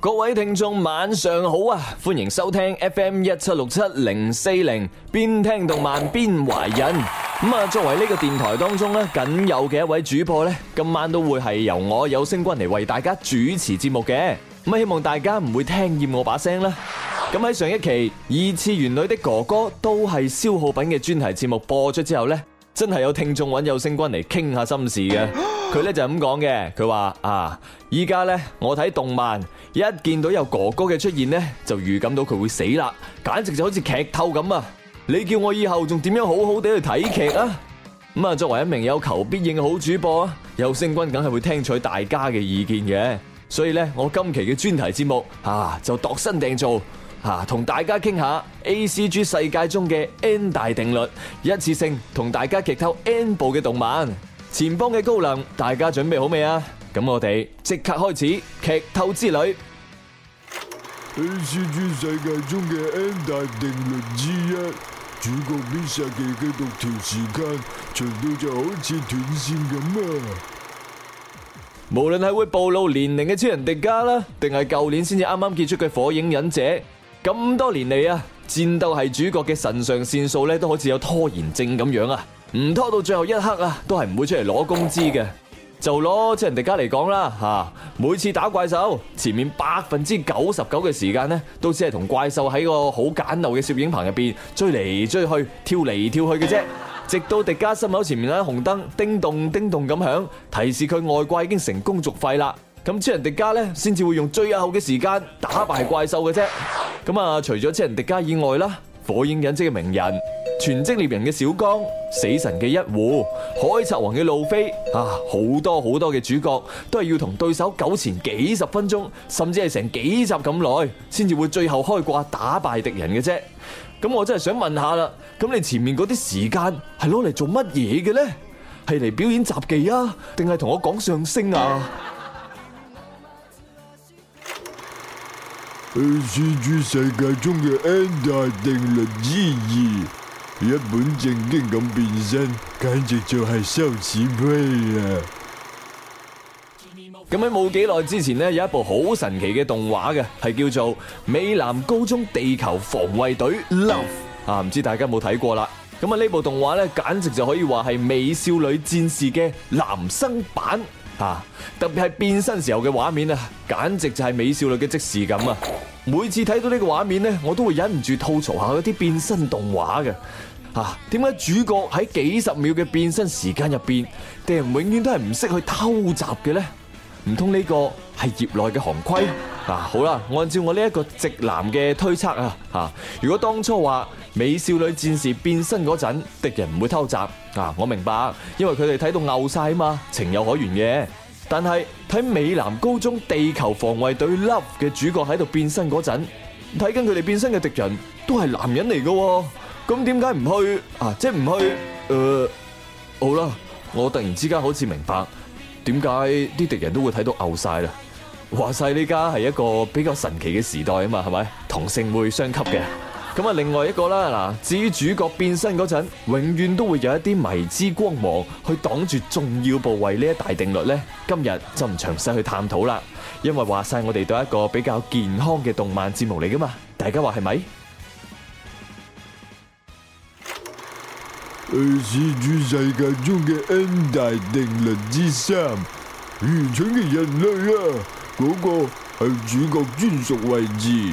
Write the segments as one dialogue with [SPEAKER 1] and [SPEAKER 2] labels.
[SPEAKER 1] 各位聽眾晚上好啊，歡迎收聽 FM 一七六七零四零邊聽動漫，邊懷孕。咁啊，作為呢個電台當中咧僅有嘅一位主播咧，今晚都會係由我有聲君嚟為大家主持節目嘅。咁啊，希望大家唔會聽厭我把聲啦。咁喺上一期二次元女的哥哥都係消耗品嘅專題節目播出之後咧。真係有聽眾揾有聲君嚟傾下心事嘅，佢咧就咁講嘅，佢話啊，依家咧我睇動漫，一見到有哥哥嘅出現咧，就預感到佢會死啦，簡直就好似劇透咁啊！你叫我以後仲點樣好好地去睇劇啊？咁啊，作為一名有求必應嘅好主播啊，有聲君梗係會聽取大家嘅意見嘅，所以咧我今期嘅專題節目啊，就度身訂造。吓，同大家傾下 A C G 世界中嘅 N 大定律，一次性同大家劇透 N 部嘅動漫。前方嘅高能，大家準備好未啊？咁我哋即刻開始劇透之旅。
[SPEAKER 2] A C G 世界中嘅 N 大定律之一，主角必殺技嘅佢讀條時間長到就好似斷線咁啊！
[SPEAKER 1] 無論係會暴露年齡嘅超人迪加啦，定係舊年先至啱啱結束嘅火影忍者。咁多年嚟啊，戰鬥係主角嘅腎上腺素咧，都好似有拖延症咁樣啊，唔拖到最後一刻啊，都係唔會出嚟攞工資嘅。就攞即係迪迦嚟講啦，吓，每次打怪獸，前面百分之九十九嘅時間呢，都只係同怪獸喺個好簡陋嘅攝影棚入邊追嚟追去，跳嚟跳去嘅啫，直到迪迦心口前面咧紅燈叮咚叮咚咁響，提示佢外掛已經成功續費啦。咁超人迪加咧，先至會用最後嘅時間打敗怪獸嘅啫。咁啊，除咗超人迪加以外啦，火影忍者嘅鳴人、全職獵人嘅小剛、死神嘅一護、海賊王嘅路飛啊，好多好多嘅主角都係要同對手糾纏幾十分鐘，甚至係成幾集咁耐，先至會最後開掛打敗敵人嘅啫。咁我真係想問下啦，咁你前面嗰啲時間係攞嚟做乜嘢嘅咧？係嚟表演雜技啊，定係同我講相聲啊？ACG 世界中嘅 N
[SPEAKER 2] 大定律之二，一本正經咁變身，簡直就係羞恥呸啊！
[SPEAKER 1] 咁喺冇幾耐之前呢，有一部好神奇嘅動畫嘅，係叫做《美男高中地球防衛隊》Love 啊！唔知大家有冇睇過啦？咁啊，呢部動畫咧，簡直就可以話係《美少女戰士》嘅男生版。吓，特別係變身時候嘅畫面啊，簡直就係美少女嘅即時感啊！每次睇到呢個畫面咧，我都會忍唔住吐槽一下嗰啲變身動畫嘅。吓，點解主角喺幾十秒嘅變身時間入邊，敵人永遠都係唔識去偷襲嘅咧？唔通呢個係業內嘅行規？嗱，好啦，按照我呢一個直男嘅推測啊，吓，如果當初話美少女戰士變身嗰陣，敵人唔會偷襲，嗱，我明白，因為佢哋睇到嘔晒啊嘛，情有可原嘅。但係睇美男高中地球防衛隊 Love 嘅主角喺度變身嗰陣，睇緊佢哋變身嘅敵人，都係男人嚟噶，咁點解唔去啊？即係唔去？誒、呃，好啦，我突然之間好似明白點解啲敵人都會睇到嘔晒啦。話晒呢家係一個比較神奇嘅時代啊嘛，係咪同性會相吸嘅？咁啊，另外一個啦，嗱，至於主角變身嗰陣，永遠都會有一啲迷之光芒去擋住重要部位呢一大定律咧。今日就唔詳細去探討啦，因為話晒我哋都係一個比較健康嘅動漫節目嚟噶嘛，大家話係咪
[SPEAKER 2] ？ACG 世界中嘅 N 大定律之三，愚蠢嘅人類啊！嗰個係主角專屬位置。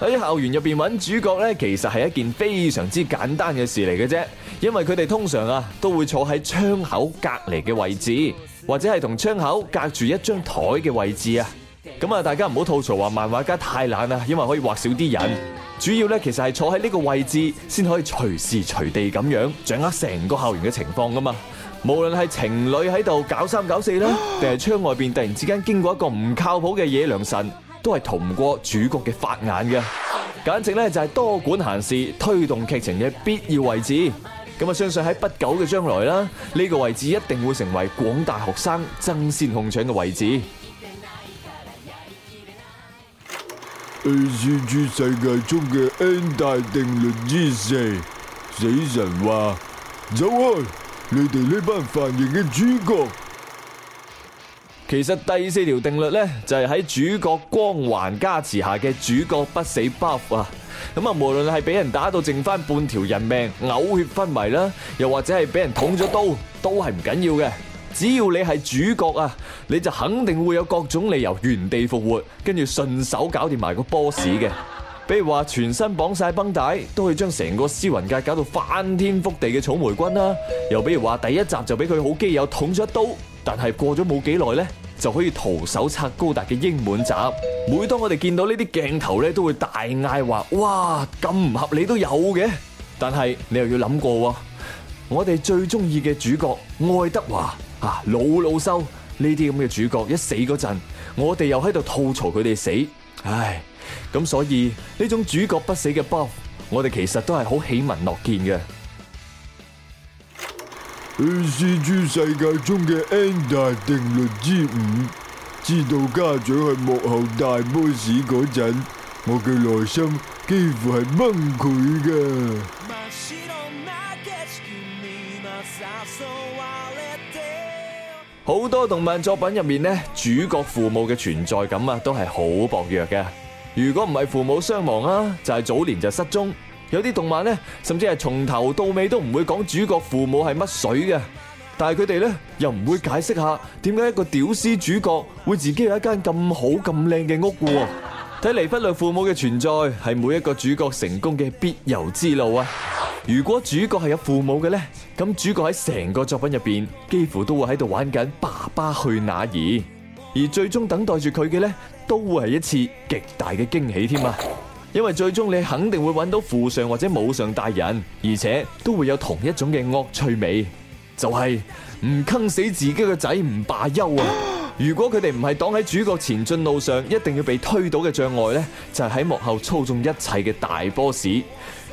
[SPEAKER 1] 喺校園入邊揾主角咧，其實係一件非常之簡單嘅事嚟嘅啫，因為佢哋通常啊都會坐喺窗，窗口隔籬嘅位置，或者係同窗口隔住一張台嘅位置啊。咁啊，大家唔好吐槽話漫畫家太懶啦，因為可以畫少啲人。主要咧，其實係坐喺呢個位置先可以隨時隨地咁樣掌握成個校園嘅情況噶嘛。無論係情侶喺度搞三搞四啦，定係窗外邊突然之間經過一個唔靠譜嘅野良神，都係逃唔過主角嘅法眼嘅。簡直咧就係多管閒事，推動劇情嘅必要位置。咁啊，相信喺不久嘅將來啦，呢個位置一定會成為廣大學生爭先控搶嘅位置。ACG
[SPEAKER 2] 世界中嘅 N 大定律之四，死神話：走開！你哋呢班凡人嘅主角。
[SPEAKER 1] 其實第四條定律咧，就係喺主角光環加持下嘅主角不死 buff 啊！咁啊，無論係俾人打到剩翻半條人命，嘔血昏迷啦，又或者係俾人捅咗刀，都係唔緊要嘅。只要你係主角啊，你就肯定會有各種理由原地复活，跟住順手搞掂埋個 boss 嘅。比如話全身綁晒繃帶，都可以將成個屍魂界搞到翻天覆地嘅草莓軍啦。又比如話第一集就俾佢好基友捅咗一刀，但係過咗冇幾耐呢，就可以徒手拆高達嘅英滿集。每當我哋見到呢啲鏡頭咧，都會大嗌話：哇，咁唔合理都有嘅。但係你又要諗過，我哋最中意嘅主角愛德華。啊，老老收呢啲咁嘅主角一死嗰陣，我哋又喺度吐槽佢哋死，唉，咁所以呢種主角不死嘅包袱，o 我哋其實都係好喜聞樂見嘅。
[SPEAKER 2] 《ACG 世界》中嘅《N 大定律》之五，知道家長係幕後大 boss 嗰陣，我嘅內心幾乎係崩潰噶。
[SPEAKER 1] 好多動漫作品入面咧，主角父母嘅存在感啊，都係好薄弱嘅。如果唔係父母傷亡啊，就係、是、早年就失蹤。有啲動漫咧，甚至係從頭到尾都唔會講主角父母係乜水嘅。但係佢哋咧又唔會解釋下，點解一個屌絲主角會自己有一間咁好咁靚嘅屋嘅。睇嚟忽略父母嘅存在係每一個主角成功嘅必由之路啊！如果主角係有父母嘅咧？咁主角喺成個作品入邊，幾乎都會喺度玩緊爸爸去哪兒，而最終等待住佢嘅呢，都會係一次極大嘅驚喜添啊！因為最終你肯定會揾到父上或者母上大人，而且都會有同一種嘅惡趣味，就係唔坑死自己個仔唔罷休啊！如果佢哋唔係擋喺主角前進路上一定要被推倒嘅障礙呢，就係喺幕後操縱一切嘅大 boss，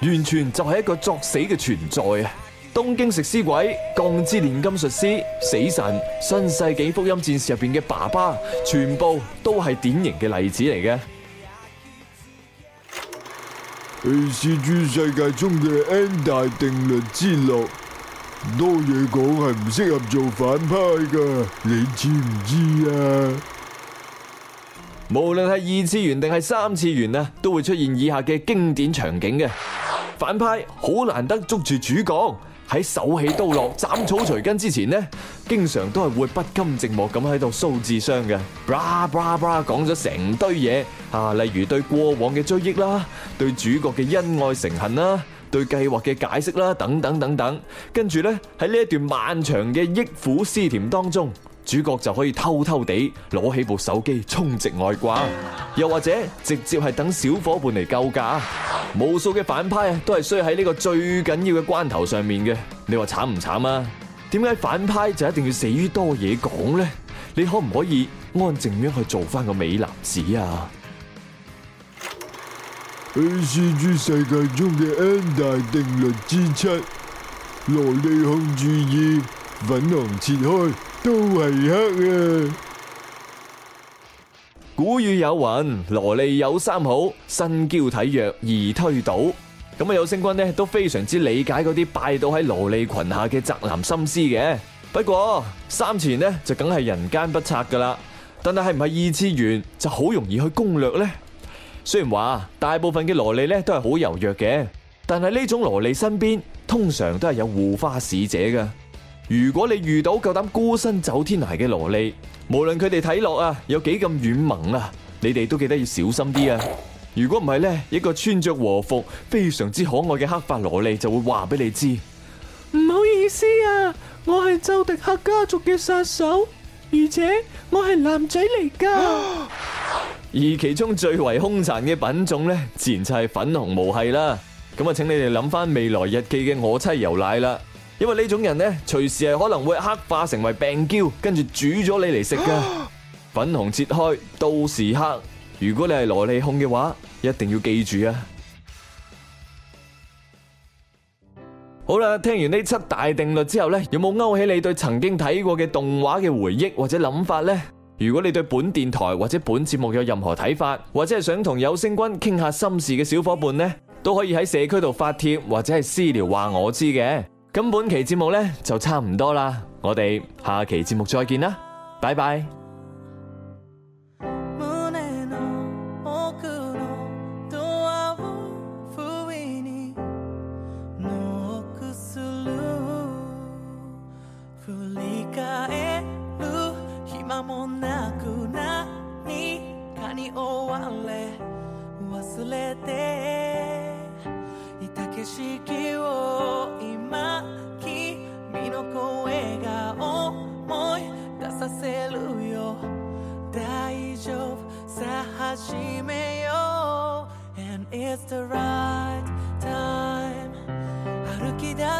[SPEAKER 1] 完全就係一個作死嘅存在啊！東京食屍鬼、鋼之煉金術師、死神、新世紀福音戰士入邊嘅爸爸，全部都係典型嘅例子嚟嘅。
[SPEAKER 2] ACG 世界中嘅 N 大定律之六，多嘢講係唔適合做反派㗎，你知唔
[SPEAKER 1] 知啊？無論係二次元定係三次元啊，都會出現以下嘅經典場景嘅反派，好難得捉住主角。喺手起刀落、斬草除根之前咧，經常都係會不甘寂寞咁喺度蘇智商嘅，bla b 咗成堆嘢啊，例如對過往嘅追憶啦，對主角嘅恩愛成恨啦，對計劃嘅解釋啦，等等等等，跟住呢，喺呢一段漫長嘅憶苦思甜當中。主角就可以偷偷地攞起部手機充值外掛，又或者直接係等小伙伴嚟救駕。無數嘅反派啊，都係需要喺呢個最緊要嘅關頭上面嘅。你話慘唔慘啊？點解反派就一定要死於多嘢講咧？你可唔可以安靜咁去做翻個美男子啊
[SPEAKER 2] ？A C G 世界中嘅 N 大定律之七，蘿莉控主義，粉紅切開。都係黑啊！
[SPEAKER 1] 古語有云：蘿莉有三好，身嬌體弱易推倒。咁啊，有星君呢都非常之理解嗰啲拜倒喺蘿莉裙下嘅宅男心思嘅。不過三次元呢就梗係人間不測噶啦。但係，係唔係二次元就好容易去攻略呢？雖然話大部分嘅蘿莉呢都係好柔弱嘅，但係呢種蘿莉身邊通常都係有護花使者噶。如果你遇到夠膽孤身走天涯嘅蘿莉，無論佢哋睇落啊有幾咁軟萌啊，你哋都記得要小心啲啊！如果唔係咧，一個穿着和服非常之可愛嘅黑髮蘿莉就會話俾你知：
[SPEAKER 3] 唔好意思啊，我係周迪克家族嘅殺手，而且我係男仔嚟噶。
[SPEAKER 1] 而其中最為凶殘嘅品種咧，自然就係粉紅毛係啦。咁啊，請你哋諗翻《未來日記》嘅我妻由乃啦。因為呢種人咧，隨時係可能會黑化成為病嬌，跟住煮咗你嚟食㗎。粉紅切開到時黑，如果你係蘿莉控嘅話，一定要記住啊！ 好啦，聽完呢七大定律之後咧，有冇勾起你對曾經睇過嘅動畫嘅回憶或者諗法呢？如果你對本電台或者本節目有任何睇法，或者係想同有聲君傾下心事嘅小伙伴呢，都可以喺社區度發帖或者係私聊話我知嘅。咁本期節目呢，就差唔多啦，我哋下期節目再見啦，拜
[SPEAKER 3] 拜。